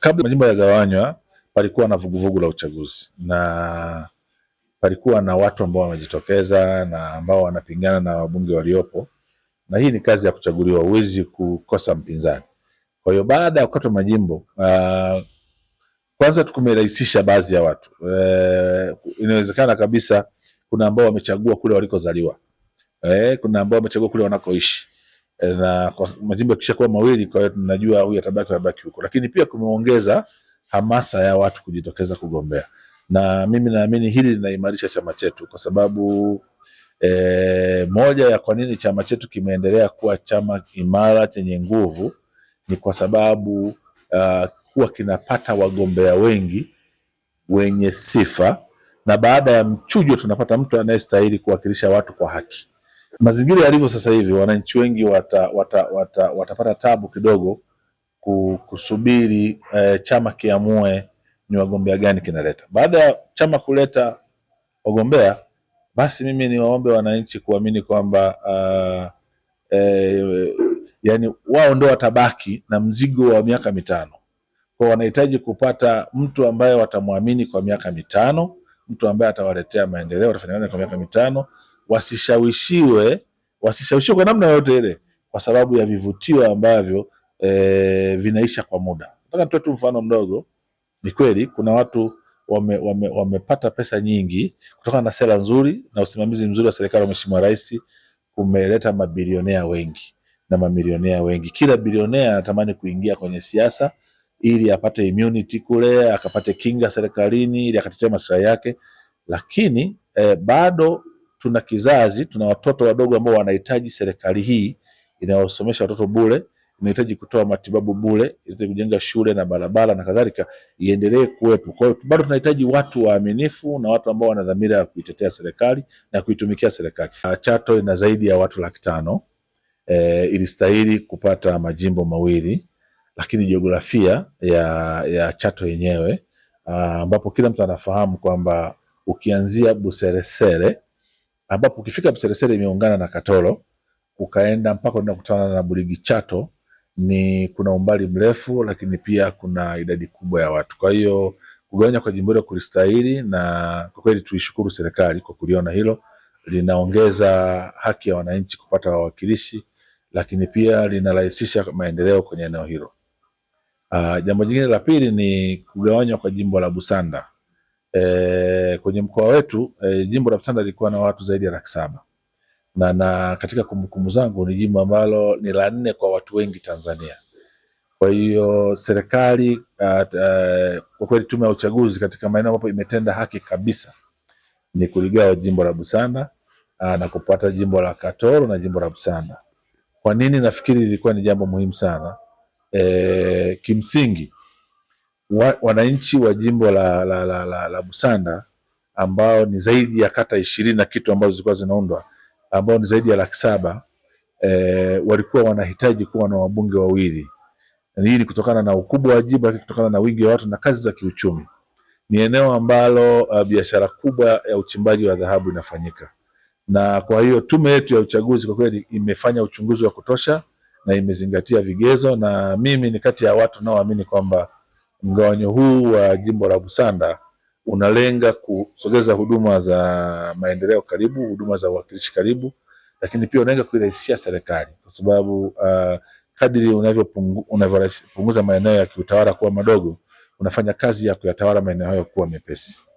Kabla majimbo yagawanywa, palikuwa na vuguvugu la uchaguzi na palikuwa na watu ambao wamejitokeza na ambao wanapingana na wabunge waliopo, na hii ni kazi ya kuchaguliwa, huwezi kukosa mpinzani. Kwa hiyo baada ya kukatwa majimbo uh, kwanza tukumerahisisha baadhi ya watu uh, inawezekana kabisa kuna ambao wamechagua kule walikozaliwa, uh, kuna ambao wamechagua kule wanakoishi Eh, na kwa majimbo yakishakuwa mawili, kwa hiyo tunajua huyu atabaki, atabaki huko. Lakini pia kumeongeza hamasa ya watu kujitokeza kugombea, na mimi naamini hili linaimarisha chama chetu kwa sababu e, moja ya kwa nini chama chetu kimeendelea kuwa chama imara chenye nguvu ni kwa sababu uh, ah, kuwa kinapata wagombea wengi wenye sifa, na baada ya mchujo tunapata mtu anayestahili kuwakilisha watu kwa haki. Mazingira yalivyo sasa hivi, wananchi wengi watapata wata, wata, watapata tabu kidogo kusubiri eh, chama kiamue ni wagombea gani kinaleta. Baada ya chama kuleta wagombea, basi mimi niwaombe wananchi kuamini kwamba uh, eh, yani wao ndio watabaki na mzigo wa miaka mitano. Kwa wanahitaji kupata mtu ambaye watamwamini kwa miaka mitano, mtu ambaye atawaletea maendeleo, atafanya kwa miaka mitano wasishawishiwe, wasishawishiwe kwa namna yote ile, kwa sababu ya vivutio ambavyo e, vinaisha kwa muda. Nataka nitoe tu mfano mdogo. Ni kweli kuna watu wame, wame, wamepata pesa nyingi kutokana na sera nzuri na usimamizi mzuri wa serikali ya Mheshimiwa Rais, kumeleta mabilionea wengi na mamilionea wengi. Kila bilionea anatamani kuingia kwenye siasa ili apate immunity kule, akapate kinga serikalini, ili akatetea maslahi yake, lakini eh, bado tuna kizazi, tuna watoto wadogo ambao wanahitaji serikali hii inayosomesha watoto bure, inahitaji kutoa matibabu bure, inahitaji kujenga shule na barabara na kadhalika, iendelee kuwepo. Kwa hiyo bado tunahitaji watu waaminifu na watu ambao wana dhamira ya kuitetea serikali na kuitumikia serikali. Ah, Chato ina zaidi ya watu laki tano. E, ilistahili kupata majimbo mawili, lakini jiografia ya, ya Chato yenyewe ah, ambapo kila mtu anafahamu kwamba ukianzia Buseresere ambapo ukifika Mseresere imeungana na Katoro, ukaenda mpaka unakutana na Burigi Chato, ni kuna umbali mrefu, lakini pia kuna idadi kubwa ya watu. Kwa hiyo kugawanya kwa jimbo hilo kulistahili, na kwa kweli tuishukuru serikali kwa kuliona hilo. Linaongeza haki ya wananchi kupata wawakilishi, lakini pia linarahisisha maendeleo kwenye eneo hilo. Uh, jambo jingine la pili ni kugawanywa kwa jimbo la Busanda e, kwenye mkoa wetu e, jimbo la Msanda lilikuwa na watu zaidi ya laki saba na, na katika kumbukumbu zangu ni jimbo ambalo ni la nne kwa watu wengi Tanzania. Kwa hiyo serikali kwa kweli, tume ya uchaguzi katika maeneo ambapo imetenda haki kabisa ni kuligawa jimbo la Busanda na kupata jimbo la Katoro na jimbo la Busanda. Kwa nini? Nafikiri ilikuwa ni jambo muhimu sana e, kimsingi wa, wananchi wa jimbo la, la, la, la, la Busanda ambao ni zaidi ya kata ishirini na kitu ambazo zilikuwa zinaundwa ambao ni zaidi ya laki saba e, walikuwa wanahitaji kuwa na wabunge wawili. Hii ni kutokana na ukubwa wa jimbo, kutokana na wingi wa watu na kazi za kiuchumi. Ni eneo ambalo uh, biashara kubwa ya uchimbaji wa dhahabu inafanyika, na kwa hiyo tume yetu ya uchaguzi kwa kweli imefanya uchunguzi wa kutosha na imezingatia vigezo, na mimi ni kati ya watu naoamini kwamba Mgawanyo huu wa jimbo la Busanda unalenga kusogeza huduma za maendeleo karibu, huduma za uwakilishi karibu, lakini pia unalenga kuirahisishia serikali kwa sababu uh, kadiri unavyopunguza maeneo ya kiutawala kuwa madogo, unafanya kazi ya kuyatawala maeneo hayo kuwa mepesi.